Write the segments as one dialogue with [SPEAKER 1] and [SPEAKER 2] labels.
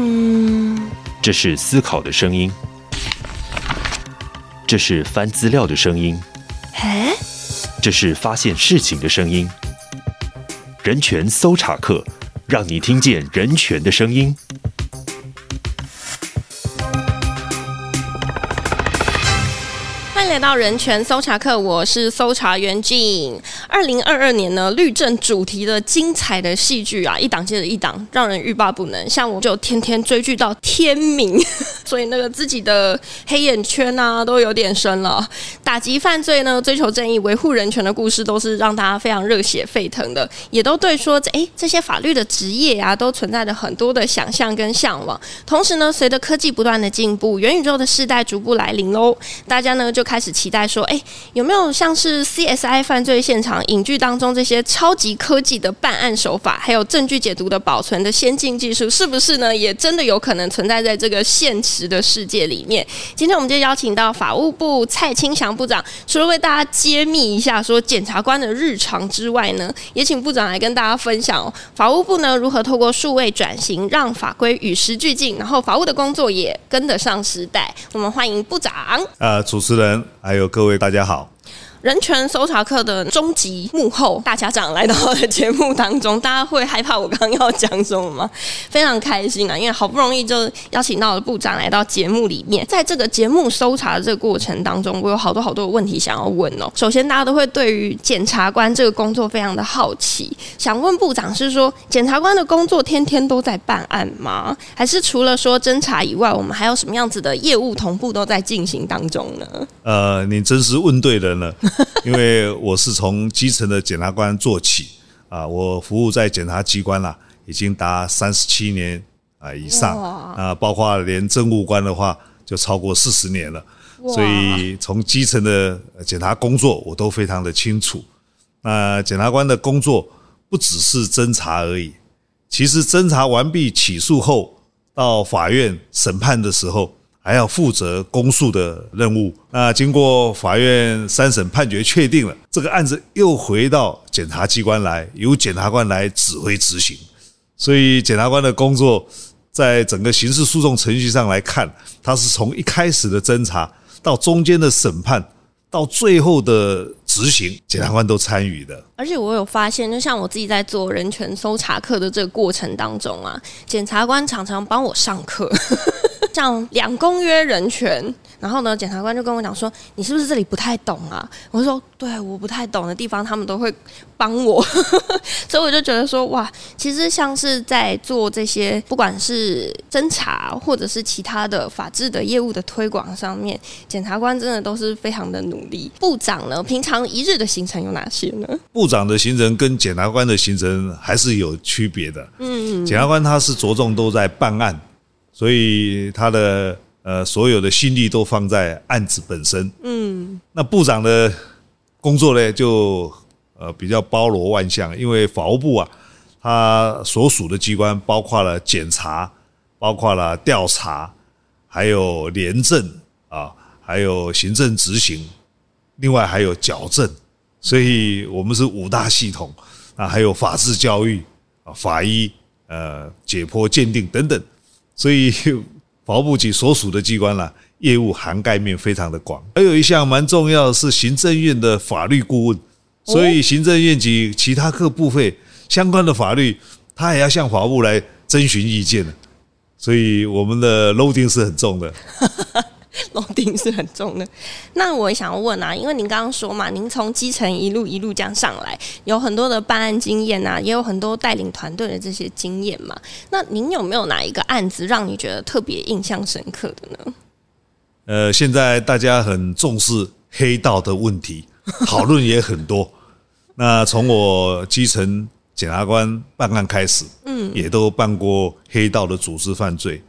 [SPEAKER 1] 嗯，這是思考的聲音，這是翻資料的聲音，哎，這是發現事情的聲音。人權搜查客，讓你聽見人權的聲音。
[SPEAKER 2] 來到人權搜查客，我是搜查員進 e，二零二二年呢，律政主題的精彩的戲劇啊，一檔接着一檔，讓人欲罷不能。像我就天天追劇到天明， 所以那個自己的黑眼圈啊，都有點深了。打擊犯罪呢，追求正義、維護人權的故事，都是讓大家非常熱血沸騰的，也都對說哎，這些法律的職業啊，都存在着很多的想象跟向往。同時呢，隨着科技不斷的進步，元宇宙的世代逐步來臨嘍，大家呢就開始。期待說，哎、欸，有沒有像是 CSI 犯罪現場影劇當中這些超級科技的辦案手法，還有證據解讀的保存的先進技術，是不是呢？也真的有可能存在在這個現實的世界裡面？今天我們就邀請到法務部蔡清祥部長，除了為大家揭秘一下說檢察官的日常之外呢，也請部長來跟大家分享、哦、法務部呢如何透過數位轉型，讓法規與時俱進，然後法務的工作也跟得上時代。我們歡迎部長。
[SPEAKER 1] 呃、啊，主持人。還有各位，大家好。
[SPEAKER 2] 人權搜查客的終極幕後大家長來到我的節目當中，大家會害怕我剛剛要講什麼嗎？非常開心啊，因為好不容易就邀請到了部長來到節目裡面。在這個節目搜查的這個過程當中，我有好多好多的問題想要問哦、喔。首先，大家都會對於檢察官這個工作非常的好奇，想問部長是說檢察官的工作天天都在辦案嗎？還是除了說偵查以外，我們還有什麼樣子的業務同步都在進行當中呢？
[SPEAKER 1] 呃，你真是問對人了。 因為我是從基層的檢察官做起啊，我服務在檢察機關了，已經達三十七年啊以上啊，包括連政務官的話就超過四十年了。所以從基層的檢察工作，我都非常的清楚。那檢察官的工作不只是偵查而已，其實偵查完畢起訴後，到法院審判的時候，還要負責公訴的任務。那經過法院三審判決確定了，這個案子又回到檢察機關來，由檢察官來指揮執行。所以，檢察官的工作，在整個刑事訴訟程序上來看，他是從一開始的偵查，到中間的審判，到最後的執行，檢察官都參與的。
[SPEAKER 2] 而且，我有發現，就像我自己在做人權搜查客的這個過程當中啊，檢察官常常幫我上課。像兩公約人權，然後呢，檢察官就跟我講說：“你是不是這裡不太懂啊？”我說：“對，我不太懂的地方，他們都會幫我。 ”所以我就覺得說：“哇，其實像是在做這些，不管是偵查或者是其他的法治的業務的推廣上面，檢察官真的都是非常的努力。”部長呢，平常一日的行程有哪些呢？
[SPEAKER 1] 部長的行程跟檢察官的行程還是有區別的。
[SPEAKER 2] 嗯，檢察
[SPEAKER 1] 官他是着重都在辦案。所以他的呃，所有的心力都放在案子本身。嗯，那部長的工作呢，就呃，比較包羅萬象，因為法務部啊，他所屬的機關包括了檢察，包括了調查，還有廉政啊，還有行政執行，另外還有矯正。所以我們是五大系統，啊，還有法治教育啊，法醫呃，解剖鑑定等等。所以，法務部及所屬的機關啦、啊，業務涵蓋面非常的廣。還有一項蠻重要的是行政院的法律顧問，所以行政院及其他各部會相關的法律，他也要向法務來徵詢意見。所以我們的 loading 是很重的。
[SPEAKER 2] 哦、定是很重的。那我也想要問啊，因為您剛剛說嘛，您從基層一路一路這樣上來，有很多的辦案經驗吶、啊，也有很多帶領團隊的這些經驗嘛。那您有沒有哪一個案子讓你覺得特別印象深刻的呢？呃，
[SPEAKER 1] 現在大家很重視黑道的問題，討論也很多。 那從我基層檢察官辦案開始，嗯，也都辦過黑道的組織犯罪。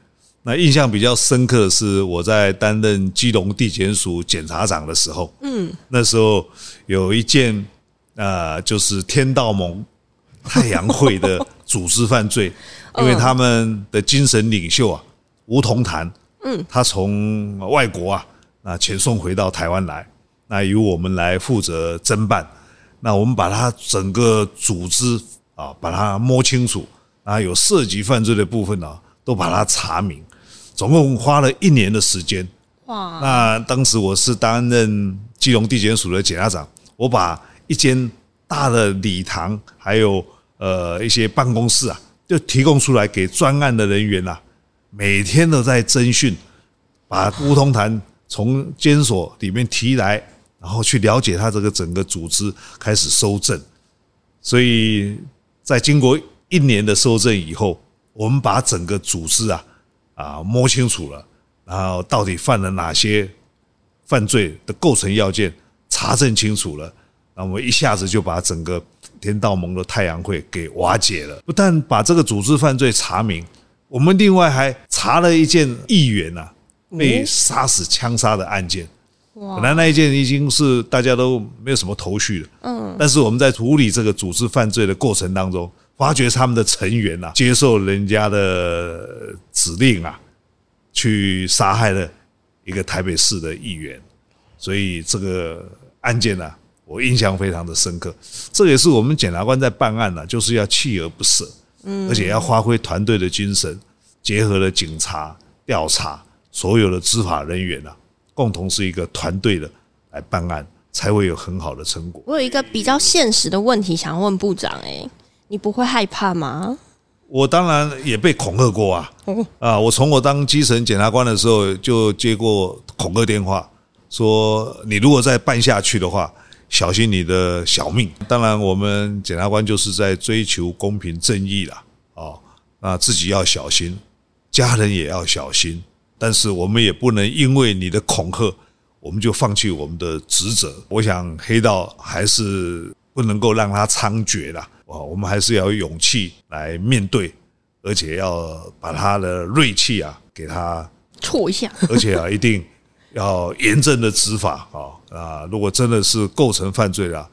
[SPEAKER 1] 那印象比較深刻的是我在擔任基隆地檢署檢察長的時候，嗯，那時候有一件啊、呃，就是天道盟太陽會的組織犯罪，因為他們的精神領袖啊吳桐潭，嗯，他從外國啊啊遣送回到台灣來，那由我們來負責偵辦，那我們把他整個組織啊，把它摸清楚，啊，有涉及犯罪的部分呢、啊，都把它查明。總共花了一年的時間。哇！那當時我是擔任基隆地檢署的檢察長，我把一間大的禮堂，還有呃一些辦公室啊，就提供出來給專案的人員吶、啊，每天都在偵訊，把烏通潭從監所裡面提來，然後去了解他這個整個組織，開始搜證。所以在經過一年的搜證以後，我們把整個組織啊。啊，摸清楚了，然後到底犯了哪些犯罪的構成要件，查證清楚了，那我們一下子就把整個天道盟的太陽會給瓦解了。不但把這個組織犯罪查明，我們另外還查了一件議員啊被殺死槍殺的案件。嗯，本來那一件已經是大家都沒有什麼頭緒了。嗯，但是我們在處理這個組織犯罪的過程當中，發掘他們的成員啊，接受人家的。指令啊，去殺害了一個台北市的議員，所以這個案件呢、啊，我印象非常的深刻。這也是我們檢察官在辦案呢、啊，就是要鍥而不捨，而且要發揮團隊的精神，結合了警察調查，所有的執法人員啊，共同是一個團隊的來辦案，才會有很好的成果。
[SPEAKER 2] 我有一個比較現實的問題想問部長，哎，你不會害怕嗎？
[SPEAKER 1] 我當然也被恐嚇過啊！啊，我從我當基層檢察官的時候就接過恐嚇電話，說你如果再辦下去的話，小心你的小命。當然，我們檢察官就是在追求公平正義啦。啊！那自己要小心，家人也要小心，但是我們也不能因為你的恐嚇，我們就放棄我們的職責。我想，黑道還是不能夠讓它猖獗啦。啊，我們還是要有勇氣來面對，而且要把他的銳氣啊，給他
[SPEAKER 2] 挫一下，而且啊，
[SPEAKER 1] 一定要嚴正的執法啊。啊，如果真的是構成犯罪了，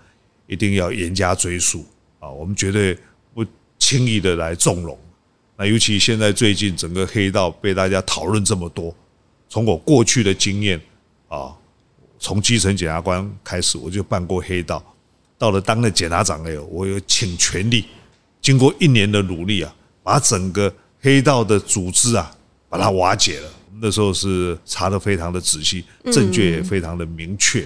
[SPEAKER 1] 一定要嚴加追訴啊。我們絕對不輕易的來縱容。那尤其現在最近整個黑道被大家討論這麼多，從我過去的經驗啊，從基層檢察官開始，我就辦過黑道。到了當了檢察長哎，我有傾全力，經過一年的努力啊，把整個黑道的組織啊，把它瓦解了。那時候是查得非常的仔細，證據也非常的明確，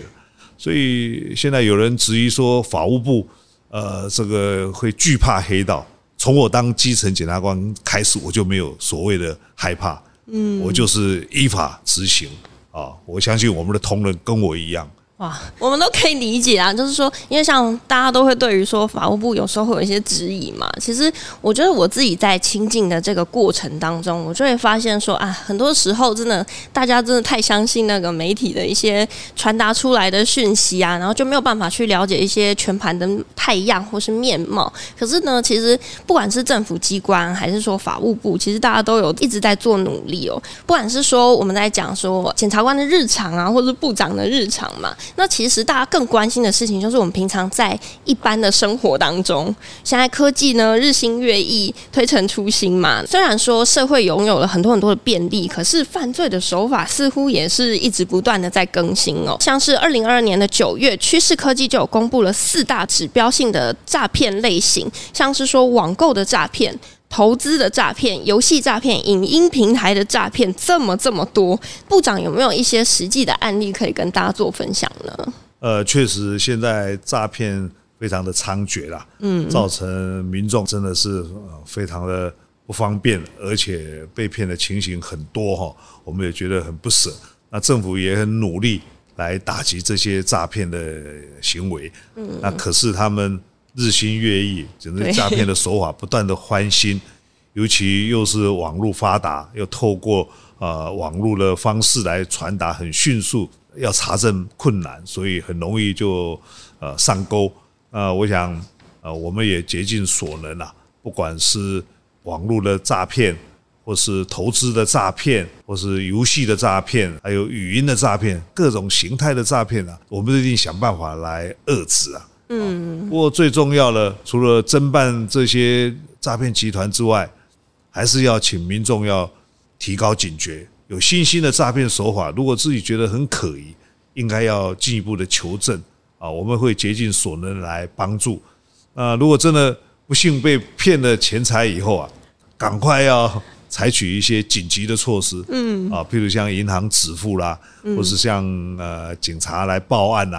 [SPEAKER 1] 所以現在有人質疑說，法務部呃這個會懼怕黑道。從我當基層檢察官開始，我就沒有所謂的害怕，嗯，我就是依法執行啊。我相信我們的同仁跟我一樣。
[SPEAKER 2] 哇，我們都可以理解啊，就是說，因為像大家都會對於說法務部有時候會有一些質疑嘛。其實我覺得我自己在親近的這個過程當中，我就會發現說啊，很多時候真的大家真的太相信那個媒體的一些傳達出來的訊息啊，然後就沒有辦法去了解一些全盤的態樣或是面貌。可是呢，其實不管是政府機關還是說法務部，其實大家都有一直在做努力哦、喔。不管是說我們在講說檢察官的日常啊，或是部長的日常嘛。那其實大家更關心的事情，就是我們平常在一般的生活當中，現在科技呢日新月異、推陳出新嘛。雖然說社會擁有了很多很多的便利，可是犯罪的手法似乎也是一直不斷的在更新哦。像是二零二二年的九月，趨勢科技就有公布了四大指標性的詐騙類型，像是說網購的詐騙。投資的詐騙、遊戲詐騙、影音平台的詐騙，這麼這麼多，部長有沒有一些實際的案例可以跟大家做分享呢？
[SPEAKER 1] 呃，確實，現在詐騙非常的猖獗啦，嗯，造成民眾真的是非常的不方便，而且被騙的情形很多哈，我們也覺得很不捨。那政府也很努力來打擊這些詐騙的行為，嗯，那可是他們。日新月異，整個詐騙的手法不斷的翻新，對 尤其又是網絡發達，又透過呃網絡的方式來傳達，很迅速，要查證困難，所以很容易就呃上鈎。啊、呃，我想啊、呃，我們也竭盡所能啊，不管是網絡的詐騙，或是投資的詐騙，或是遊戲的詐騙，還有語音的詐騙，各種形態的詐騙啊，我們一定想辦法來遏制啊。嗯，不過最重要的，除了偵辦這些詐騙集團之外，還是要請民眾要提高警覺，有新興的詐騙手法，如果自己覺得很可疑，應該要進一步的求證啊。我們會竭盡所能來幫助啊。如果真的不幸被騙了錢財以後啊，趕快要採取一些緊急的措施，嗯，啊，譬如像銀行止付啦、啊，或是像呃警察來報案呐、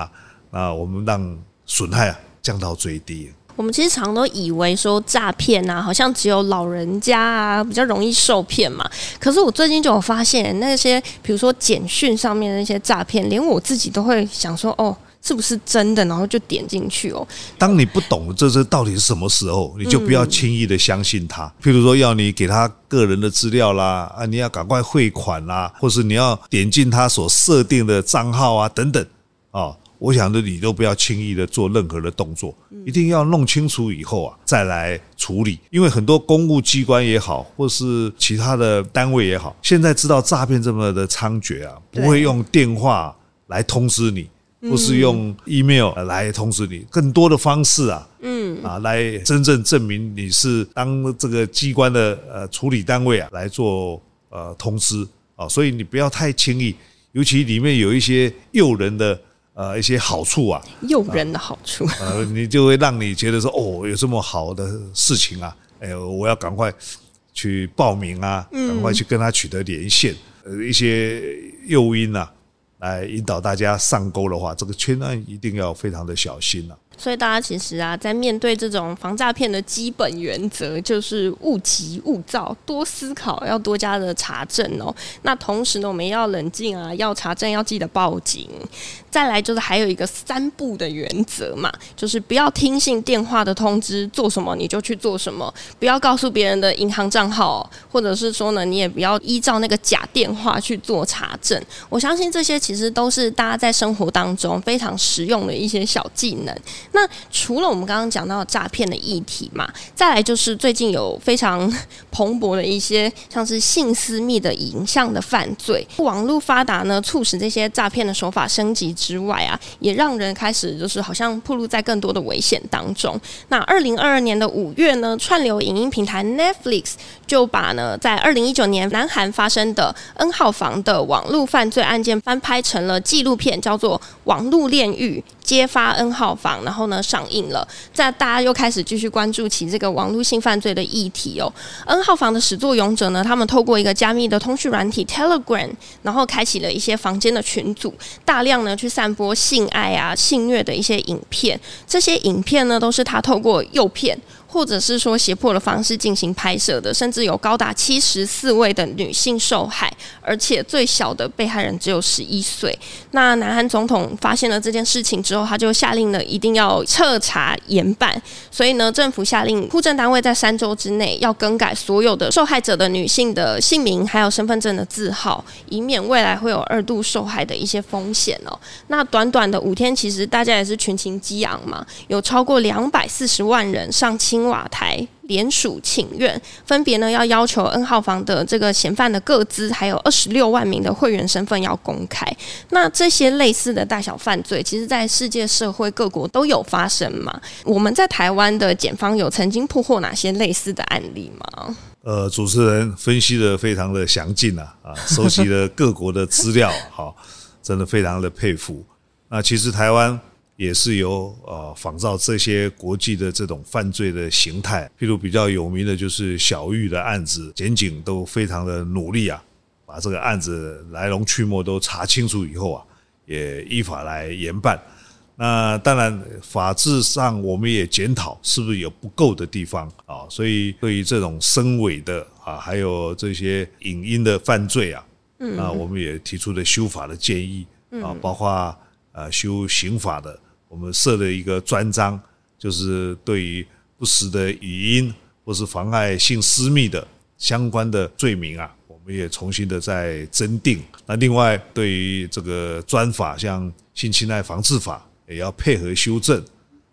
[SPEAKER 1] 啊，啊，我們讓。損害啊降到最低。
[SPEAKER 2] 我們其實常都以為說詐騙啊，好像只有老人家啊比較容易受騙嘛。可是我最近就有發現那些，比如說簡訊上面的那些詐騙，連我自己都會想說哦，是不是真的？然後就點進去哦。
[SPEAKER 1] 當你不懂這是到底是什麼時候，你就不要輕易的相信他。譬如說要你給他個人的資料啦，啊，你要趕快匯款啦，或是你要點進他所設定的賬號啊等等哦。我想著，你都不要輕易的做任何的動作，一定要弄清楚以後啊，再來處理。因為很多公務機關也好，或是其他的單位也好，現在知道詐騙這麼的猖獗啊，不會用電話來通知你，
[SPEAKER 2] 或是用
[SPEAKER 1] email 來通知你，更多的方式啊，嗯啊，來真正證明你是當這個機關的呃處理單位啊，來做呃通知啊，所以你不要太輕易，尤其裡面有一些誘人的。呃，一些好處啊，
[SPEAKER 2] 誘人的好處，呃，
[SPEAKER 1] 你就會讓你覺得說，哦，有這麼好的事情啊，哎、欸、我要趕快去報名啊，趕、嗯、快去跟他取得連線，呃、一些誘因啊，來引導大家上鈎的話，這個圈案、啊、一定要非常的小心啊。
[SPEAKER 2] 所以大家其實啊，在面對這種防詐騙的基本原則，就是勿急勿躁，多思考，要多加的查證哦、喔。那同時呢，我們要冷靜啊，要查證，要記得報警。再來就是還有一個三不的原則嘛，就是不要聽信電話的通知，做什麼你就去做什麼，不要告訴別人的銀行賬號，或者是說呢，你也不要依照那個假電話去做查證。我相信這些其實都是大家在生活當中非常實用的一些小技能。那除了我們剛剛講到的詐騙的議題嘛，再來就是最近有非常蓬勃的一些像是性私密的影像的犯罪，網絡發達呢，促使這些詐騙的手法升級。之外啊，也讓人開始就是好像暴露在更多的危險當中。那二零二二年的五月呢，串流影音平台 Netflix 就把呢在二零一九年南韓發生的 N 號房的網絡犯罪案件翻拍成了紀錄片，叫做《網絡煉獄》。揭發 N 號房，然後呢上映了，那大家又開始繼續關注起這個網絡性犯罪的議題哦。N 號房的始作俑者呢，他們透過一個加密的通訊軟體 Telegram，然後開啟了一些房間的群組，大量呢去散播性愛啊、性虐的一些影片，這些影片呢都是他透過誘騙。或者是說脅迫的方式進行拍攝的，甚至有高達七十四位的女性受害，而且最小的被害人只有十一歲。那南韓總統發現了這件事情之後，他就下令了一定要徹查嚴辦。所以呢，政府下令，戶政單位在三週之內要更改所有的受害者的女性的姓名，還有身份證的字號，以免未來會有二度受害的一些風險哦。那短短的五天，其實大家也是群情激昂嘛，有超過兩百四十萬人上清瓦台聯署請願，分別呢，要要求 N 號房的這個嫌犯的個資，還有二十六萬名的會員身份要公開。那這些類似的大小犯罪，其實在世界社會各國都有發生嗎？我們在台灣的檢方有曾經破獲哪些類似的案例嗎？
[SPEAKER 1] 呃，主持人分析得非常的詳盡啊，啊，收集了各國的資料， 好，真的非常的佩服。那其實台灣。也是由呃仿照這些國際的這種犯罪的形態，譬如比較有名的就是小玉的案子，檢警都非常的努力啊，把這個案子來龍去脈都查清楚以後啊，也依法來嚴辦。那當然，法制上我們也檢討是不是有不夠的地方啊，所以對於這種深偽的啊，還有這些影音的犯罪啊，啊，我們也提出了修法的建議啊，包括啊修刑法的，我們設了一個專章，就是對於不實的語音或是妨害性私密的相關的罪名啊，我們也重新的再增訂。那另外，對於這個專法，像性侵害防治法也要配合修正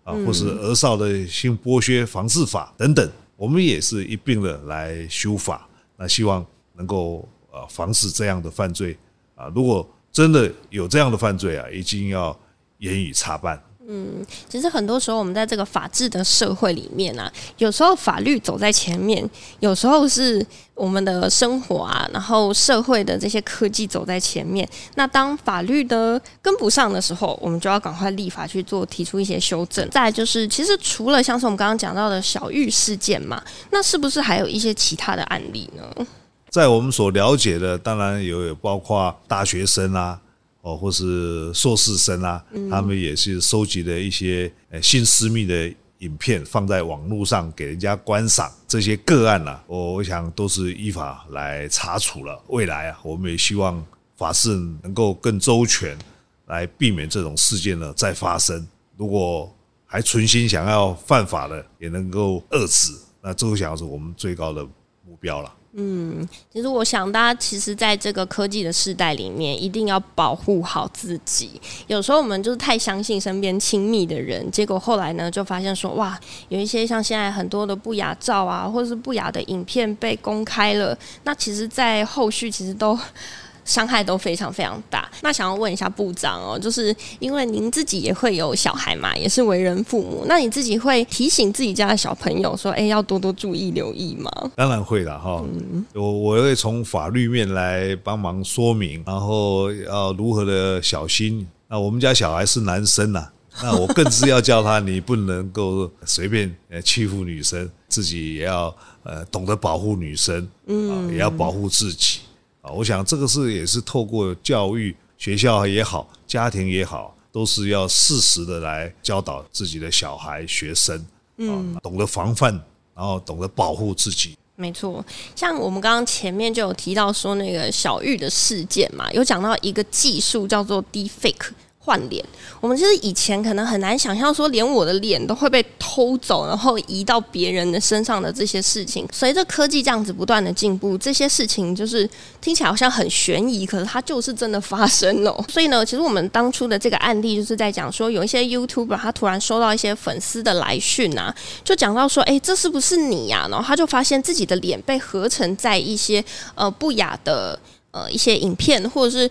[SPEAKER 2] 啊，或是兒
[SPEAKER 1] 少的性剝削防治法等等，我們也是一併的來修法。那希望能夠呃防止這樣的犯罪啊，如果真的有這樣的犯罪啊，一定要嚴以查辦。
[SPEAKER 2] 嗯，其實很多時候我們在這個法治的社會裡面呢、啊，有時候法律走在前面，有時候是我們的生活啊，然後社會的這些科技走在前面。那當法律的跟不上的時候，我們就要趕快立法去做，提出一些修正。再就是，其實除了像是我們剛剛講到的小玉事件嘛，那是不是還有一些其他的案例呢？
[SPEAKER 1] 在我們所了解的，當然有，有包括大學生啊。哦，或是碩士生啊，他們也是收集了一些呃性私密的影片，放在網絡上給人家觀賞。這些個案啊，我我想都是依法來查處了。未來啊，我們也希望法制能夠更周全，來避免這種事件呢再發生。如果還存心想要犯法的，也能夠遏制。那這個想要是我們最高的目標了。
[SPEAKER 2] 嗯，其實我想，大家其實在這個科技的世代裡面，一定要保護好自己。有時候我們就是太相信身邊親密的人，結果後來呢，就發現說，哇，有一些像現在很多的不雅照啊，或是不雅的影片被公開了。那其實，在後續，其實都。傷害都非常非常大。那想要問一下部長哦，就是因為您自己也會有小孩嘛，也是為人父母，那你自己會提醒自己家的小朋友說：“哎，要多多注意留意嗎？”
[SPEAKER 1] 當然會了哈。我我會從法律面來幫忙說明，然後要如何的小心。那我們家小孩是男生吶、啊，
[SPEAKER 2] 那我更是
[SPEAKER 1] 要教他，你不能夠隨便呃欺負女生，自己也要懂得保護女生，
[SPEAKER 2] 嗯，也要保護
[SPEAKER 1] 自己。我想這個是也是透過教育，學校也好，家庭也好，都是要適時的來教導自己的小孩學生，嗯，懂得防範，然後懂得保護自己。
[SPEAKER 2] 沒錯，像我們剛剛前面就有提到說那個小玉的事件嘛，有講到一個技術叫做 Deepfake。換臉，我們其實以前可能很難想象說，連我的臉都會被偷走，然後移到別人的身上的這些事情。隨着科技這樣子不斷的進步，這些事情就是聽起來好像很懸疑，可是它就是真的發生了。所以呢，其實我們當初的這個案例就是在講說，有一些 YouTuber 他突然收到一些粉絲的來訊啊，就講到說，欸，這是不是你呀？啊？然後他就發現自己的臉被合成在一些呃不雅的呃一些影片，或者是。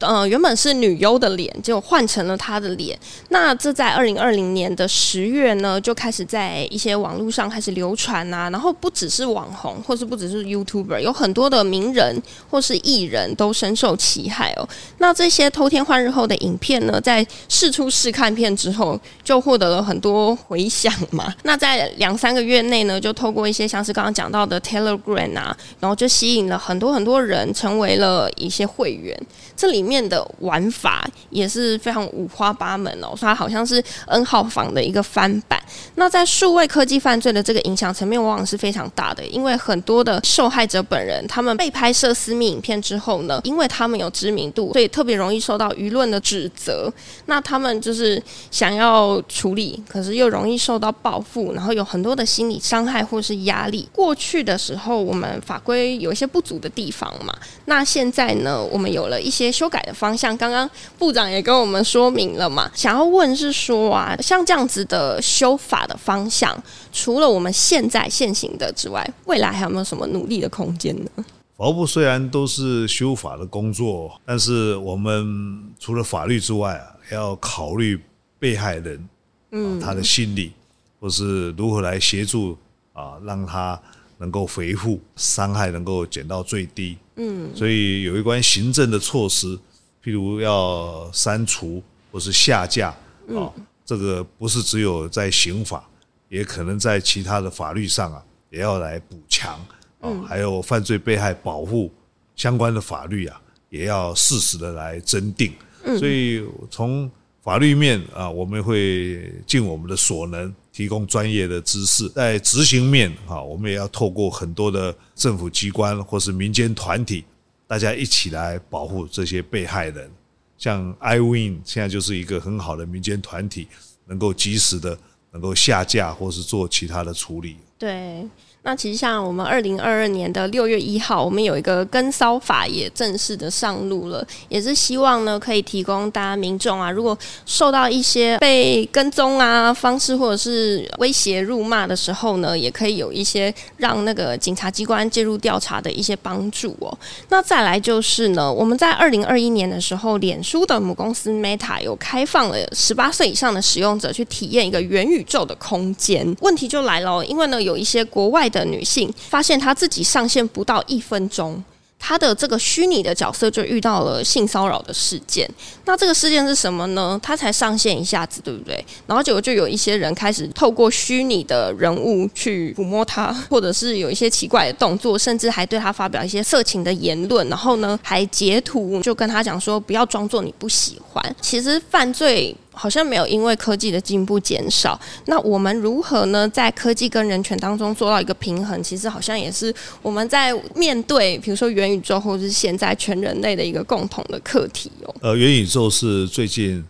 [SPEAKER 2] 呃，原本是女優的臉，結果換成了她的臉。那這在二零二零年的十月呢，就開始在一些網絡上開始流傳啊。然後不只是網紅，或是不只是 YouTuber，有很多的名人或是藝人都深受其害哦。那這些偷天換日後的影片呢，在釋出試看片之後，就獲得了很多回響嘛。那在兩三個月內呢，就透過一些像是剛剛講到的 Telegram 啊，然後就吸引了很多很多人成為了一些會員。這裡面。面的玩法也是非常五花八門哦，所以它好像是 N 號房的一個翻版。那在數位科技犯罪的這個影響層面，往往是非常大的，因為很多的受害者本人，他們被拍攝私密影片之後呢，因為他們有知名度，所以特別容易受到輿論的指責。那他們就是想要處理，可是又容易受到報復，然後有很多的心理傷害或是壓力。過去的時候，我們法規有一些不足的地方嘛，那現在呢，我們有了一些修改。的方向，剛剛部長也跟我們說明了嘛。想要問是說啊，像這樣子的修法的方向，除了我們現在現行的之外，未來還有沒有什麼努力的空間呢？
[SPEAKER 1] 法務部雖然都是修法的工作，但是我們除了法律之外，啊，要考慮被害人，嗯，他的心理，或是如何來協助啊，讓他能夠恢復傷害，能夠減到最低。嗯，所以有一關行政的措施。譬如，要刪除或是下架啊，這個不是只有在刑法，也可能在其他的法律上啊，也要來補強。還有犯罪被害保護相關的法律啊，也要適時的來增訂。所以從法律面啊，我們會盡我們的所能提供專業的知識。在執行面啊，我們也要透過很多的政府機關或是民間團體，大家一起來保護這些被害人，像 iWin 現在就是一個很好的民間團體，能夠及時的能夠下架或是做其他的處理。
[SPEAKER 2] 對。那其實像我們二零二二年的六月一號，我們有一個跟騷法也正式的上路了，也是希望呢可以提供大家民眾啊，如果受到一些被跟蹤啊方式或者是威脅辱罵的時候呢，也可以有一些讓那個警察機關介入調查的一些幫助哦。那再來就是呢，我們在二零二一年的時候，臉書的母公司 Meta 有開放了十八歲以上的使用者去體驗一個元宇宙的空間。問題就來了哦，因為呢有一些國外。的女性發現她自己上線不到一分鐘，她的這個虛擬的角色就遇到了性騷擾的事件。那這個事件是什麼呢？她才上線一下子，對不對？然後結果就有一些人開始透過虛擬的人物去撫摸她，或者是有一些奇怪的動作，甚至還對她發表一些色情的言論，然後呢，還截圖就跟她講說不要裝作你不喜歡，其實犯罪。好像沒有因為科技的進步減少。那我們如何呢？在科技跟人權當中做到一個平衡，其實好像也是我們在面對，比如說元宇宙或者是現在全人類的一個共同的課題哦、
[SPEAKER 1] 嗯。呃，元宇宙是最近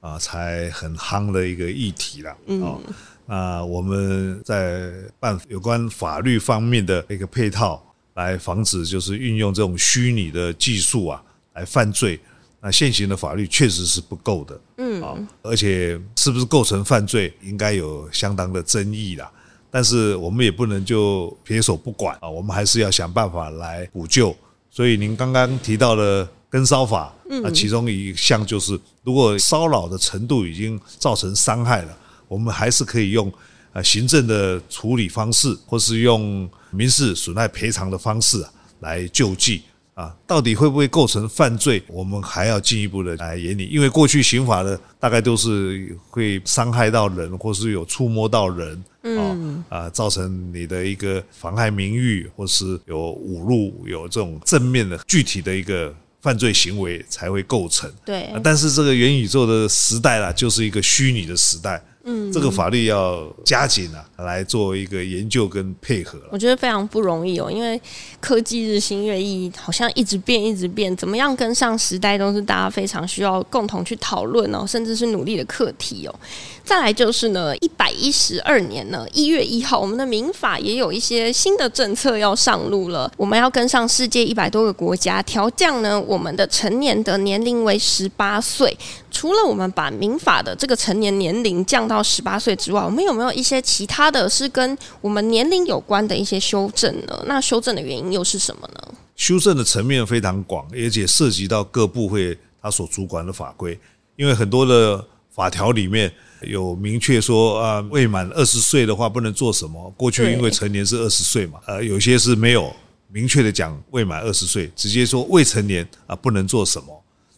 [SPEAKER 1] 啊才很夯的一個議題啦。嗯、哦，那我們在辦有關法律方面的一個配套，來防止就是運用這種虛擬的技術啊來犯罪，那現行的法律確實是不夠的，嗯，啊，而且是不是構成犯罪，應該有相當的爭議啦。但是我們也不能就撇手不管啊，我們還是要想辦法來補救。所以您剛剛提到的跟騷法，啊，其中一項就是，如果騷擾的程度已經造成傷害了，我們還是可以用啊行政的處理方式，或是用民事損害賠償的方式啊來救濟。啊，到底會不會構成犯罪？我們還要進一步的來研擬。因為過去刑法呢，大概都是會傷害到人，或是有觸摸到人，啊、嗯、啊，造成你的一個妨害名譽，或是有侮辱，有這種正面的、具體的一個犯罪行為才會構成。對、啊，但是這個元宇宙的時代啦，就是一個虛擬的時代。嗯，這個法律要加緊啊，來做一個研究跟配合。
[SPEAKER 2] 我覺得非常不容易哦，因為科技日新月異，好像一直變，一直變，怎麼樣跟上時代都是大家非常需要共同去討論哦，甚至是努力的課題哦。再來就是呢，一百一十二年呢一月一號，我們的民法也有一些新的政策要上路了。我們要跟上世界一百多個國家，調降呢我們的成年的年齡為十八歲。除了我們把民法的這個成年年齡降到十八歲之外，我們有沒有一些其他的是跟我們年齡有關的一些修正呢？那修正的原因又是什麼呢？
[SPEAKER 1] 修正的層面非常廣，而且涉及到各部會它所主管的法規，因為很多的。法條裡面有明確說，啊，未滿二十歲的話不能做什麼。過去因為成年是二十歲嘛，呃，有些是沒有明確的講未滿二十歲，直接說未成年啊，不能做什麼。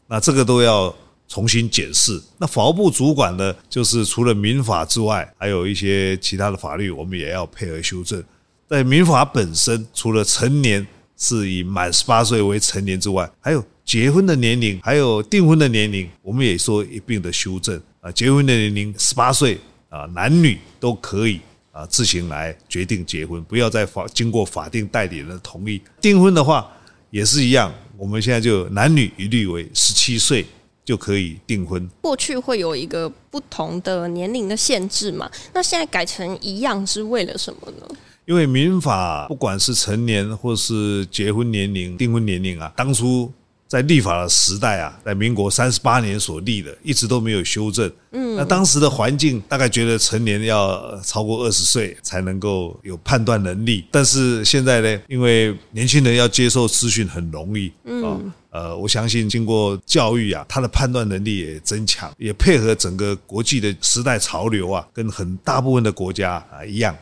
[SPEAKER 1] 那這個都要重新檢視。那法務部主管呢，就是除了民法之外，還有一些其他的法律，我們也要配合修正。在民法本身，除了成年是以滿十八歲為成年之外，還有。結婚的年齡還有訂婚的年齡，我們也說一併的修正啊。結婚的年齡十八歲啊，男女都可以啊，自行來決定結婚，不要再法經過法定代理人的同意。訂婚的話也是一樣，我們現在就男女一律為十七歲就可以訂婚。
[SPEAKER 2] 過去會有一個不同的年齡的限制嘛？那現在改成一樣是為了什麼呢？
[SPEAKER 1] 因為民法不管是成年或是結婚年齡、訂婚年齡啊，當初。在立法的時代啊，在民國三十八年所立的，一直都沒有修正。嗯，那當時的環境大概覺得成年要超過二十歲才能夠有判斷能力。但是現在呢，因為年輕人要接受資訊很容易啊，嗯，呃，我相信經過教育啊，他的判斷能力也增強，也配合整個國際的時代潮流啊，跟很大部分的國家啊一樣，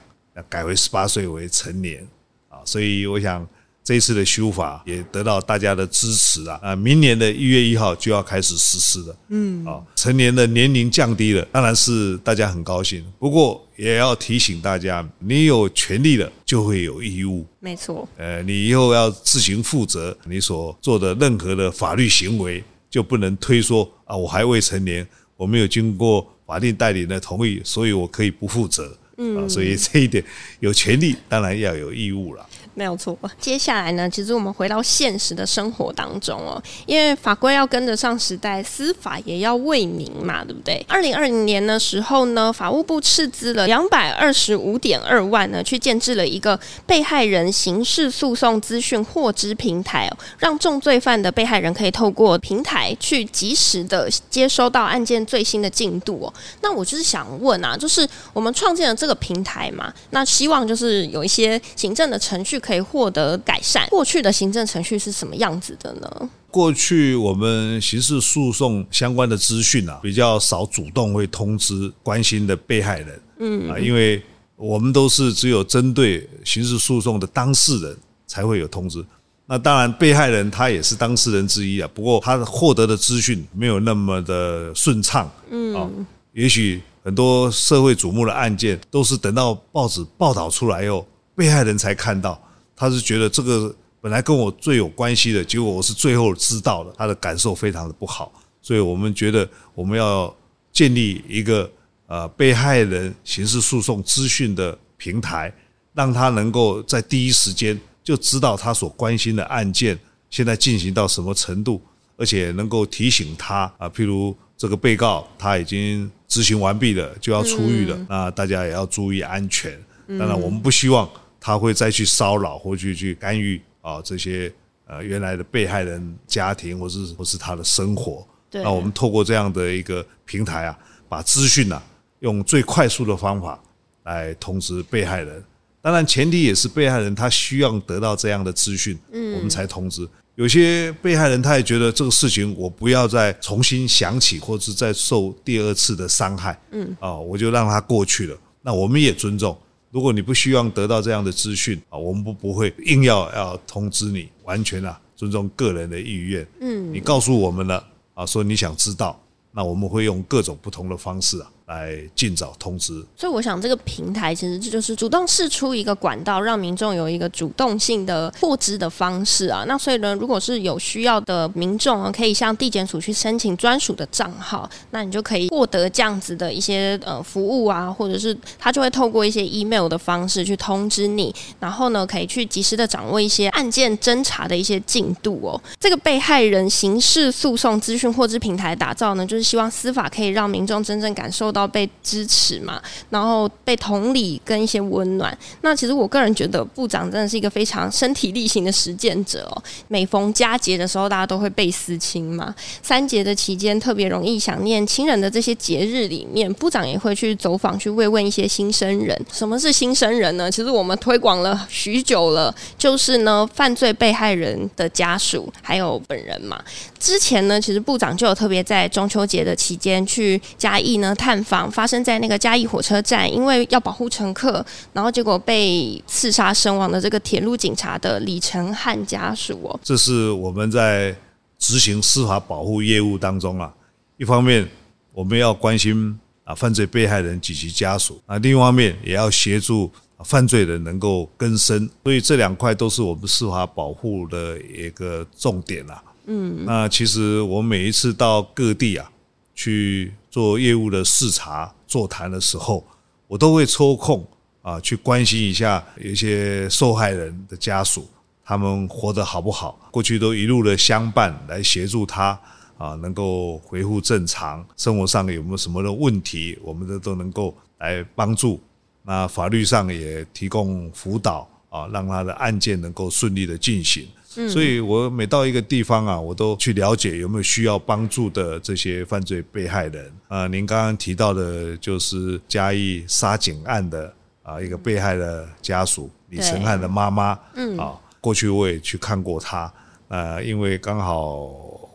[SPEAKER 1] 改為十八歲為成年啊，所以我想。這一次的修法也得到大家的支持啊！啊，明年的一月一號就要開始實施
[SPEAKER 2] 了。嗯，
[SPEAKER 1] 啊，成年的年齡降低了，當然是大家很高興。不過也要提醒大家，你有權利了，就會有義務。沒錯，呃，你以後要自行負責你所做的任何的法律行為，就不能推說啊，我還未成年，我沒有經過法定代理人的同意，所以我可以不負責。嗯，啊，所以這一點有權利，當然要有義務了。
[SPEAKER 2] 沒有錯。接下來呢，其實我們回到現實的生活當中哦，因為法規要跟得上時代，司法也要為民嘛，對不對？二零二零年的時候呢，法務部斥資了兩百二十五點二萬呢，去建置了一個被害人刑事訴訟資訊獲知平台哦，讓重罪犯的被害人可以透過平台去及時的接收到案件最新的進度哦。那我就是想問啊，就是我們創建了這個平台嘛，那希望就是有一些行政的程序。可以獲得改善。過去的行政程序是什麼樣子的呢？
[SPEAKER 1] 過去我們刑事訴訟相關的資訊啊，比較少主動會通知關心的被害人。嗯啊，因為我們都是只有針對刑事訴訟的當事人，才會有通知。那當然，被害人他也是當事人之一啊。不過他獲得的資訊沒有那麼的順暢。嗯啊，也許很多社會矚目的案件，都是等到報紙報道出來後，被害人才看到。他是覺得這個本來跟我最有關係的，結果我是最後知道的，他的感受非常的不好，所以我們覺得我們要建立一個呃被害人刑事訴訟資訊的平台，讓他能夠在第一時間就知道他所關心的案件現在進行到什麼程度，而且能夠提醒他啊，譬如這個被告他已經執行完畢了，就要出獄了，那大家也要注意安全。當然，我們不希望。他會再去騷擾或去去干預啊這些呃原來的被害人家庭或是或是他的生活，那我們透過這樣的一個平台啊，把資訊呢用最快速的方法來通知被害人。當然前提也是被害人他需要得到這樣的資訊，我們才通知。有些被害人他也覺得這個事情我不要再重新想起，或是再受第二次的傷害，嗯啊，我就讓他過去了。那我們也尊重，如果你不希望得到這樣的資訊啊，我們不不會硬要要通知你，完全啊尊重個人的意願。嗯，你告訴我們了啊，說你想知道，那我們會用各種不同的方式啊。來盡早通知，
[SPEAKER 2] 所以我想這個平台其實這就是主動釋出一個管道，讓民眾有一個主動性的獲知的方式啊。那所以呢，如果是有需要的民眾、啊，可以向地檢署去申請專屬的賬號，那你就可以獲得這樣子的一些呃服務啊，或者是他就會透過一些 email 的方式去通知你，然後呢可以去及時的掌握一些案件偵查的一些進度哦。這個被害人刑事訴訟資訊獲知平台打造呢，就是希望司法可以讓民眾真正感受。到被支持嘛，然後被同理跟一些溫暖。那其實我個人覺得，部長真的是一個非常身體力行的實踐者哦。每逢佳節的時候，大家都會倍思親嘛。三節的期間特別容易想念親人的這些節日裡面，部長也會去走訪去慰問一些馨生人。什麼是馨生人呢？其實我們推廣了許久了，就是呢犯罪被害人的家屬還有本人嘛。之前呢，其實部長就有特別在中秋節的期間去嘉義呢探。房發生在那個嘉義火車站，因為要保護乘客，然後結果被刺殺身亡的這個鐵路警察的李承翰家屬、哦。
[SPEAKER 1] 這是我們在執行司法保護業務當中啊，一方面我們要關心啊犯罪被害人及其家屬啊，另一方面也要協助犯罪人能夠更生，所以這兩塊都是我們司法保護的一個重點啊。嗯，那其實我每一次到各地啊去。做業務的視察座談的時候，我都會抽空啊去關心一下一些受害人的家屬，他們活得好不好？過去都一路的相伴來協助他啊，能夠恢復正常，生活上有沒有什麼的問題，我們這都能夠來幫助。那法律上也提供輔導啊，讓他的案件能夠順利的進行。嗯、所以，我每到一個地方啊，我都去了解有沒有需要幫助的這些犯罪被害人。啊，您剛剛提到的，就是嘉義殺警案的啊、呃，一個被害的家屬李承翰的媽媽。嗯。啊，過去我也去看過他。呃，因為剛好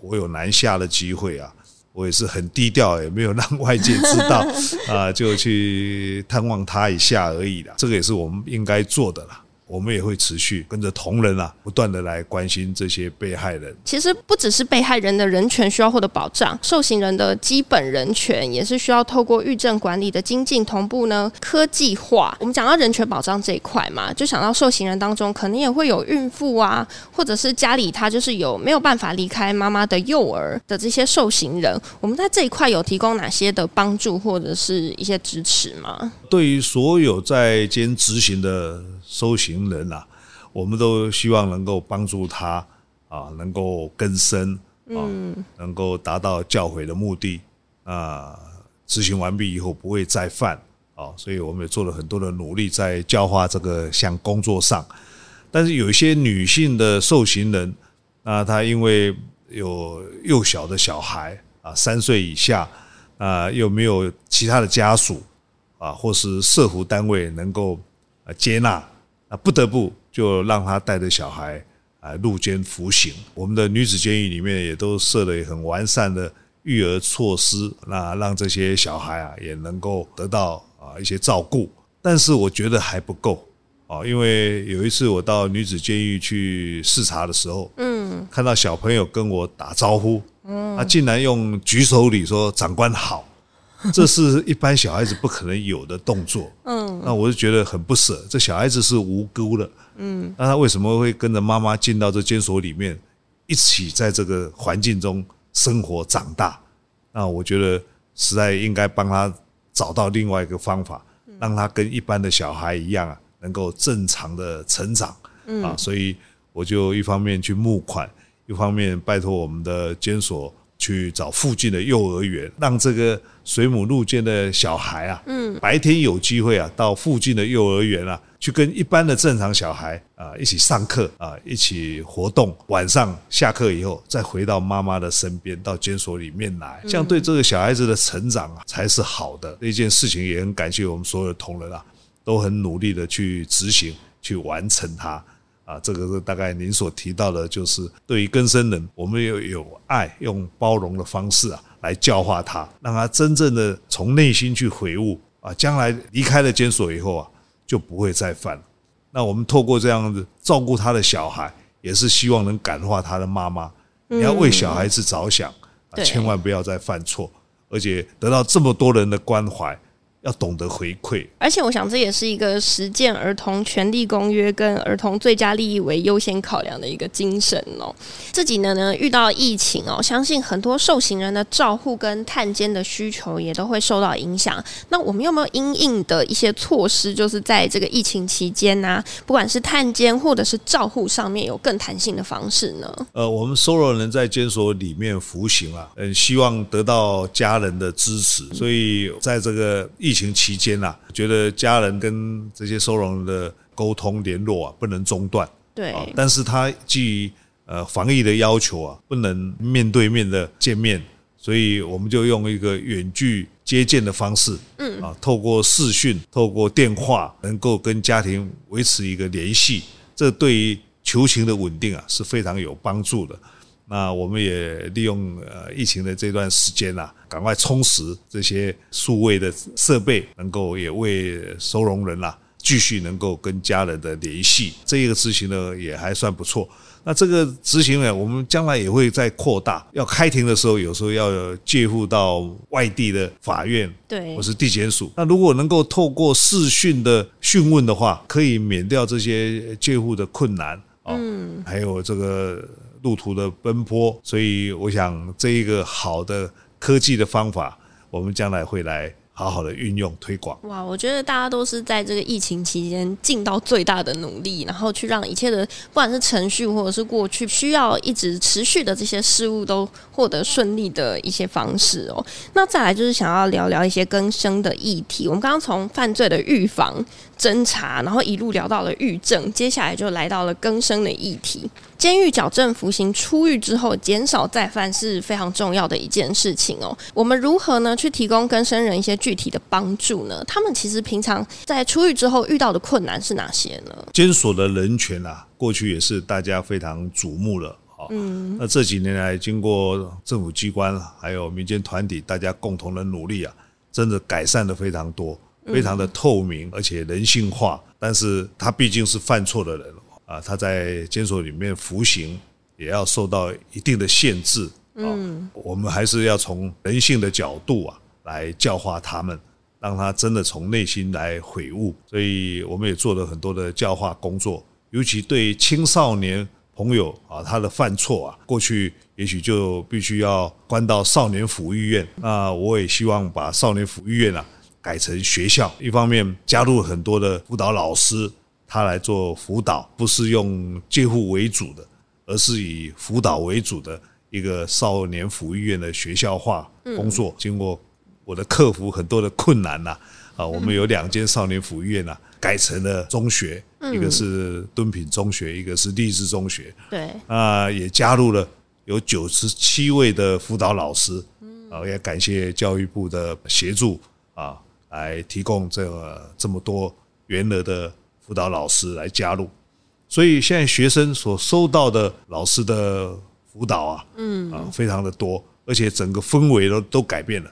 [SPEAKER 1] 我有南下的機會啊，我也是很低調，也沒有讓外界知道。啊，就去探望他一下而已啦。這個也是我們應該做的啦。我們也會持續跟着同仁啊，不斷的來關心這些被害人。
[SPEAKER 2] 其實不只是被害人的人權需要獲得保障，受刑人的基本人權也是需要透過獄政管理的精進、同步呢科技化。我們講到人權保障這一塊嘛，就想到受刑人當中可能也會有孕婦啊，或者是家裡他就是有沒有辦法離開媽媽的幼兒的這些受刑人，我們在這一塊有提供哪些的幫助或者是一些支持嗎？
[SPEAKER 1] 對於所有在監執行的。受刑人吶、啊，我們都希望能夠幫助他啊，能夠更生啊，能夠達到教誨的目的啊。執行完畢以後不會再犯啊，所以我們也做了很多的努力在教化這個項工作上。但是有一些女性的受刑人，那、啊、她因為有幼小的小孩啊，三歲以下啊，又沒有其他的家屬啊，或是社福單位能夠接納。啊，不得不就讓他帶着小孩啊，入監服刑。我們的女子監獄裡面也都設了很完善的育兒措施，那讓這些小孩啊也能夠得到啊一些照顧。但是我覺得還不夠啊，因為有一次我到女子監獄去視察的時候，嗯，看到小朋友跟我打招呼，嗯，他竟然用舉手禮說“長官好”。 這是一般小孩子不可能有的動作，嗯，那我就覺得很不舍。這小孩子是無辜的，嗯，那他為什麼會跟着媽媽進到這監所裡面，一起在這個環境中生活長大？那我覺得實在應該幫他找到另外一個方法，讓他跟一般的小孩一樣啊，能夠正常的成長。嗯，啊，所以我就一方面去募款，一方面拜托我們的監所。去找附近的幼兒園，讓這個隨母入監的小孩啊，嗯，白天有機會啊，到附近的幼兒園啊，去跟一般的正常小孩啊一起上課啊，一起活動。晚上下課以後，再回到媽媽的身邊，到監所裡面來。這樣對這個小孩子的成長啊，才是好的。這件事情也很感謝我們所有的同仁啊，都很努力的去執行、去完成它。啊，這個是大概您所提到的，就是對於更生人，我們要有愛，用包容的方式啊，來教化他，讓他真正的從內心去悔悟啊，將來離開了監所以後啊，就不會再犯了。那我們透過這樣子照顧他的小孩，也是希望能感化他的媽媽，
[SPEAKER 2] 嗯、你要為小孩
[SPEAKER 1] 子着想，啊、對千萬不要再犯錯，而且得到這麼多人的關懷。要懂得回饋，
[SPEAKER 2] 而且我想這也是一個實踐《兒童權利公約》跟兒童最佳利益為優先考量的一個精神哦、喔。自己呢，呢遇到疫情哦，相信很多受刑人的照護跟探監的需求也都會受到影響。那我們有沒有因應的一些措施，就是在這個疫情期間呢、啊，不管是探監或者是照護上面，有更彈性的方式呢？
[SPEAKER 1] 呃，我們收容人在監所裡面服刑啊，嗯，希望得到家人的支持，所以在這個。疫情期間啊，覺得家人跟這些收容的溝通聯絡啊，不能中斷，對，啊，但是他基於呃防疫的要求啊，不能面對面的見面，所以我們就用一個遠距接見的方式，嗯啊，透過視訊、透過電話，能夠跟家庭維持一個聯繫，這對於囚情的穩定啊是非常有幫助的。那我們也利用呃疫情的這段時間吶、啊，趕快充實這些數位的設備，能夠也為收容人啦、啊、繼續能夠跟家人的聯繫，這一個執行呢也還算不錯。那這個執行呢，我們將來也會再擴大。要開庭的時候，有時候要戒護到外地的法院，對，或是地檢署。對那如果能夠透過視訊的訊問的話，可以免掉這些戒護的困難、哦、嗯還有這個。路途的奔波，所以我想，這一個好的科技的方法，我們將來會來。好好的運用推廣。
[SPEAKER 2] 哇，我覺得大家都是在這個疫情期間盡到最大的努力，然後去讓一切的不管是程序，或者是過去需要一直持續的這些事物都獲得順利的一些方式哦、喔。那再來就是想要聊聊一些更生的議題。我們剛剛從犯罪的預防、偵查，然後一路聊到了獄政，接下來就來到了更生的議題：監獄矯正、服刑、出獄之後，減少再犯是非常重要的一件事情哦、喔。我們如何呢去提供更生人一些具具體的幫助呢？他們其實平常在出獄之後遇到的困難是哪些呢？
[SPEAKER 1] 監所的人權啊，過去也是大家非常矚目的。好、嗯，那這幾年來，經過政府機關還有民間團體大家共同的努力啊，真的改善得非常多，非常的透明，而且人性化。嗯、但是他畢竟是犯錯的人啊，他在監所裡面服刑也要受到一定的限制。嗯、哦，我們還是要從人性的角度啊。來教化他們，讓他真的從內心來悔悟。所以我們也做了很多的教化工作，尤其對青少年朋友啊，他的犯錯啊，過去也許就必須要關到少年輔育院。那我也希望把少年輔育院啊改成學校，一方面加入很多的輔導老師，他來做輔導，不是用戒護為主的，而是以輔導為主的一個少年輔育院的學校化工作，經過。我的克服很多的困難吶，啊，啊，我們有兩間少年輔育院吶、啊，改成了中學，一個是敦品中學，一個是勵志中學，對啊，也加入了有九十七位的輔導老師，嗯，啊，也感謝教育部的協助啊，來提供這個這麼多員額的輔導老師來加入，所以現在學生所收到的老師的輔導啊，嗯啊，非常的多，而且整個氛圍都都改變了。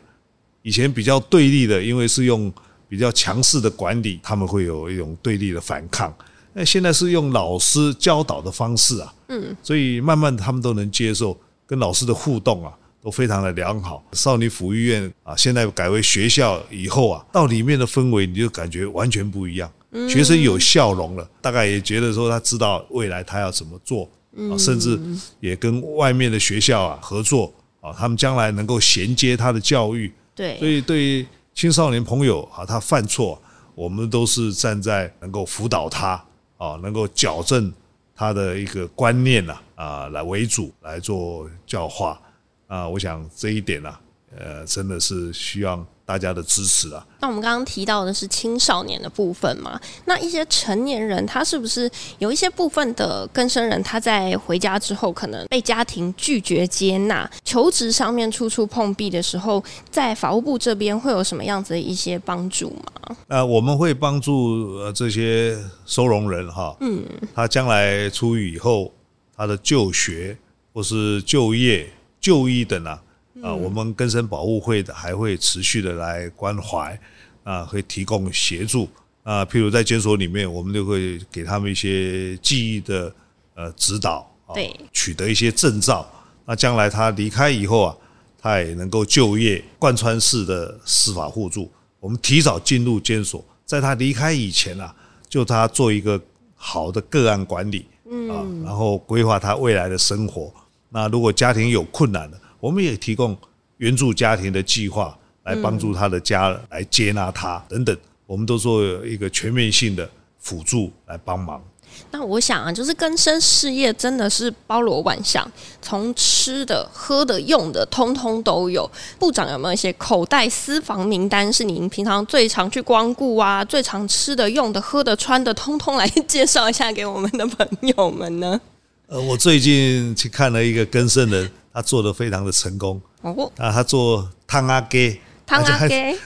[SPEAKER 1] 以前比較對立的，因為是用比較強勢的管理，他們會有一種對立的反抗。那現在是用老師教導的方式啊，嗯，所以慢慢他們都能接受，跟老師的互動啊都非常的良好。少女輔育院啊，現在改為學校以後啊，到裡面的氛圍你就感覺完全不一樣，嗯，學生有笑容了，大概也覺得說他知道未來他要怎麼做，啊，甚至也跟外面的學校啊合作啊，他們將來能夠銜接他的教育。對，所以對於青少年朋友啊，他犯錯，我們都是站在能夠輔導他啊，能夠矯正他的一個觀念啊，啊來為主來做教化啊，我想這一點呢，啊。呃，真的是需要大家的支持啊。
[SPEAKER 2] 那我們剛剛提到的是青少年的部分嘛？那一些成年人，他是不是有一些部分的更生人，他在回家之後可能被家庭拒絕接納，求職上面處處碰壁的時候，在法務部這邊會有什麼樣子的一些幫助嗎？
[SPEAKER 1] 呃，我們會幫助呃這些收容人哈，嗯，他將來出獄以後，他的就學或是就業、就醫等啊。啊、呃，我們更生保護會的還會持續的來關懷，啊，會提供協助啊，譬如在監所裡面，我們就會給他們一些技藝的呃指導，對，取得一些證照，那將來他離開以後啊，他也能夠就業，貫穿式的司法互助，我們提早進入監所，在他離開以前啊，就他做一個好的個案管理，嗯，然後規劃他未來的生活、啊，那如果家庭有困難的。我們也提供援助家庭的計劃，來幫助他的家人來接納他等等。我們都做一個全面性的輔助來幫忙。嗯、
[SPEAKER 2] 那我想啊，就是更生事業真的是包羅萬象，從吃的、喝的、用的，通通都有。部長有沒有一些口袋私房名單，是您平常最常去光顧啊，最常吃的、用的、喝的、穿的，通通來介紹一下給我們的朋友們呢？
[SPEAKER 1] 呃，我最近去看了一個更生的。他做的非常的成功，哦、啊，他做湯阿給湯阿給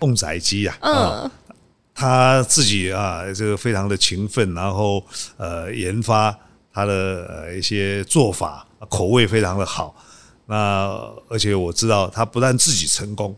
[SPEAKER 1] 鳳仔雞啊，嗯，他自己啊，這個非常的勤奮，然後呃，研發他的一些做法，口味非常的好。那而且我知道，他不但自己成功，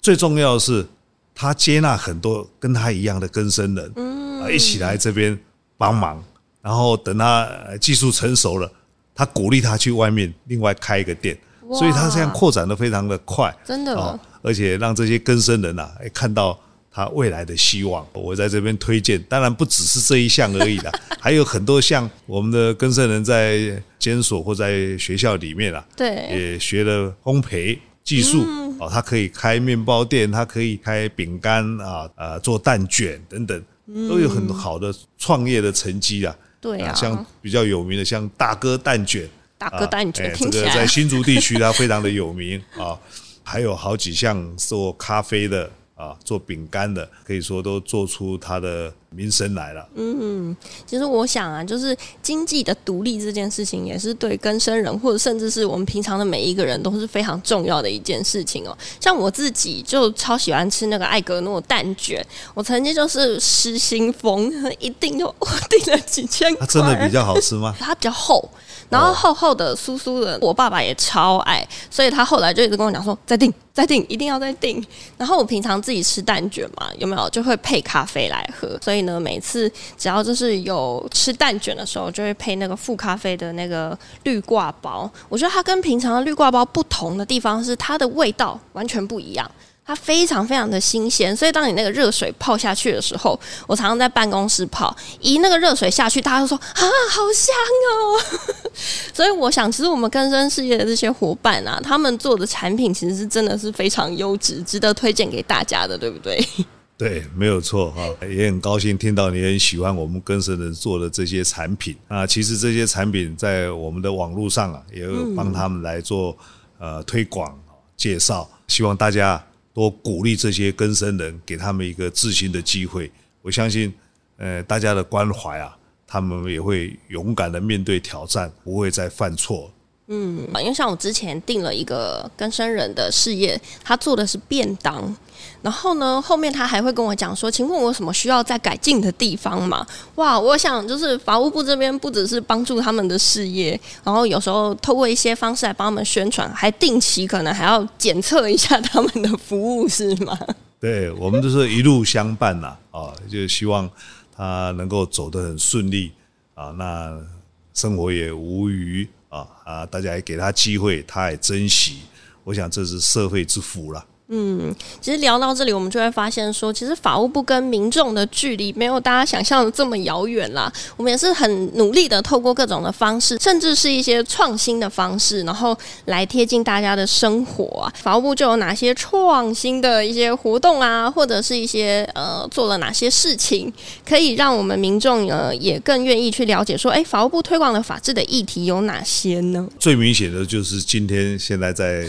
[SPEAKER 1] 最重要的是他接納很多跟他一樣的更生人，嗯，一起來這邊幫忙，然後等他技術成熟了。他鼓勵他去外面另外開一個店，所以，他這樣擴展得非常的快，真的哦，而且讓這些更生人吶、啊，也看到他未來的希望。我在這邊推薦，當然不只是這一項而已啦， 還有很多像我們的更生人在監所或在學校裡面啊，對、嗯，也學了烘焙技術哦，他可以開麵包店，他可以開餅乾啊，呃、啊，做蛋卷等等，都有很好的創業的成績啊。對啊，像比較有名的像大哥蛋卷，大哥蛋卷，這個在新竹地區它非常的有名啊，還有好幾項做咖啡的啊，做餅乾的，可以說都做出它的。民生來了，
[SPEAKER 2] 嗯，其實我想啊，就是經濟的獨立這件事情，也是對更生人或者甚至是我們平常的每一個人都是非常重要的一件事情哦。像我自己就超喜歡吃那個艾格諾蛋卷，我曾經就是失心瘋，一定就我訂了幾千塊。啊，真的比較好吃嗎？它 比較厚，然後厚厚的、酥酥的，我爸爸也超愛，所以他後來就一直跟我講說：“再訂，再訂，一定要再訂。”然後我平常自己吃蛋卷嘛，有沒有就會配咖啡來喝，所以。呢，每次只要就是有吃蛋卷的時候，就會配那個富咖啡的那個綠掛包。我覺得它跟平常的綠掛包不同的地方是它的味道完全不一樣，它非常非常的新鮮。所以當你那個熱水泡下去的時候，我常常在辦公室泡，一那個熱水下去，大家都說，啊，好香哦。 所以我想，其實我們更生世界的這些夥伴啊，他們做的產品其實是真的是非常優質，值得推薦給大家的，對不對？
[SPEAKER 1] 對，沒有錯哈，也很高興聽到你很喜歡我們更生人做的這些產品啊。其實這些產品在我們的網絡上啊，也有幫他們來做，呃，推廣、介紹，希望大家多鼓勵這些更生人，給他們一個自信的機會。我相信，呃，大家的關懷啊，他們也會勇敢的面對挑戰，不會再犯錯。
[SPEAKER 2] 嗯，因為像我之前訂了一個更生人的事業，他做的是便當，然後呢，後面他還會跟我講說，請問我有什麼需要再改進的地方嗎？哇，我想就是法務部這邊不只是幫助他們的事業，然後有時候透過一些方式來幫他們宣傳，還定期可能還要檢測一下他們的服務，是嗎？
[SPEAKER 1] 對，我們就是一路相伴吶，啊，就希望他能夠走得很順利啊，那生活也無虞。啊啊！大家也給他機會，他也珍惜。我想，這是社會之福了。
[SPEAKER 2] 嗯，其實聊到這裡，我們就會發現說，其實法務部跟民眾的距離沒有大家想象的這麼遙遠啦。我們也是很努力的，透過各種的方式，甚至是一些創新的方式，然後來貼近大家的生活啊。法務部就有哪些創新的一些活動啊，或者是一些呃做了哪些事情，可以讓我們民眾呃也更願意去了解說，哎，法務部推廣的法治的議題有哪些呢？
[SPEAKER 1] 最明顯的就是今天現在在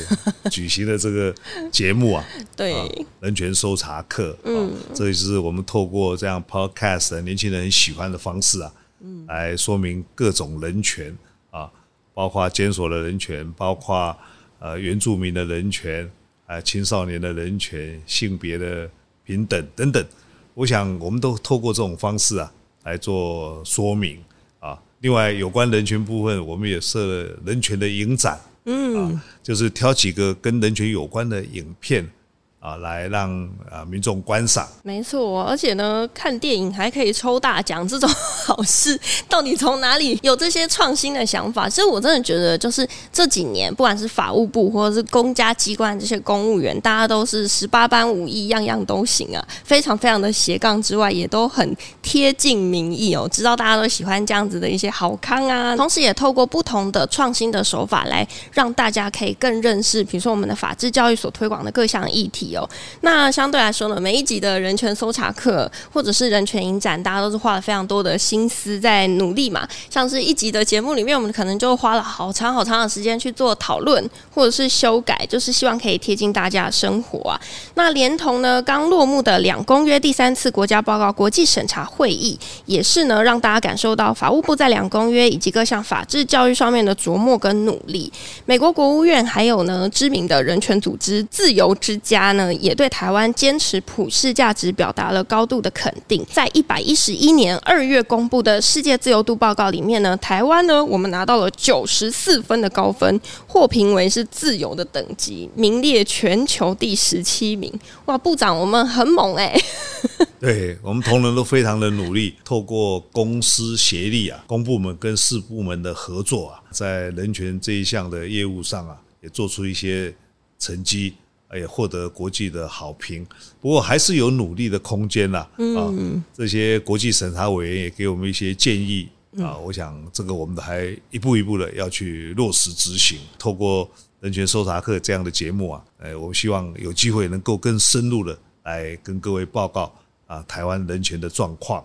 [SPEAKER 1] 舉行的這個節目。 對、嗯啊，人權搜查客，嗯、啊，這也是我們透過這樣 podcast 年輕人很喜歡的方式啊，嗯，來說明各種人權啊，包括監所的人權，包括呃原住民的人權、啊，青少年的人權，性別的平等等等。我想我們都透過這種方式啊來做說明啊。另外有關人權部分，我們也設了人權的影展。嗯，就是挑幾個跟人權有關的影片。啊，來讓啊民眾觀賞，
[SPEAKER 2] 沒錯，而且呢，看電影還可以抽大獎，這種好事到底從哪裡有這些創新的想法？其實我真的覺得，就是這幾年，不管是法務部或者是公家機關這些公務員，大家都是十八般武藝，樣樣都行啊，非常非常的斜槓之外，也都很貼近民意哦，知道大家都喜歡這樣子的一些好康啊，同時也透過不同的創新的手法，來讓大家可以更認識，比如說我們的法治教育所推廣的各項的議題。有那，相對來說呢，每一集的人權搜查客或者是人權影展，大家都是花了非常多的心思在努力嘛。像是一集的節目裡面，我們可能就花了好長好長的時間去做討論或者是修改，就是希望可以貼近大家的生活啊。那連同呢，剛落幕的兩公約第三次國家報告國際審查會議，也是呢，讓大家感受到法務部在兩公約以及各項法制教育上面的琢磨跟努力。美國國務院還有呢，知名的人權組織自由之家呢，嗯，也對台灣堅持普世價值表達了高度的肯定。在一百一十一年二月公布的《世界自由度報告》裡面呢，台灣呢，我們拿到了九十四分的高分，獲評為是自由的等級，名列全球第十七名。哇，部長，我們很猛欸！
[SPEAKER 1] 對我們同仁都非常的努力，透過公私協力啊，公部門跟私部門的合作啊，在人權這一項的業務上啊，也做出一些成績。也，獲得國際的好評，不過還是有努力的空間啦。啊，啊，這些國際審查委員也給我們一些建議啊。我想，這個我們還一步一步的要去落實執行。透過《人權搜查客》這樣的節目啊，哎，我希望有機會能夠更深入的來跟各位報告啊，台灣人權的狀況。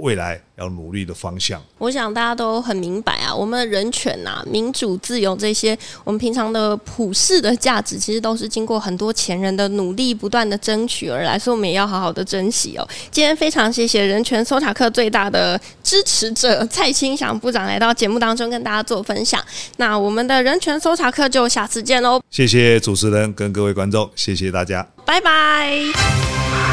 [SPEAKER 1] 未來要努力的方向。
[SPEAKER 2] 我想大家都很明白啊，我們的人權吶、啊、民主、自由這些，我們平常的普世的價值，其實都是經過很多前人的努力、不斷的爭取而來，所以我們也要好好的珍惜哦。今天非常謝謝人權搜查客最大的支持者蔡清祥部長來到節目當中跟大家做分享。那我們的人權搜查客就下次見嘍。
[SPEAKER 1] 謝謝主持人跟各位觀眾，謝謝大家，
[SPEAKER 2] 拜拜。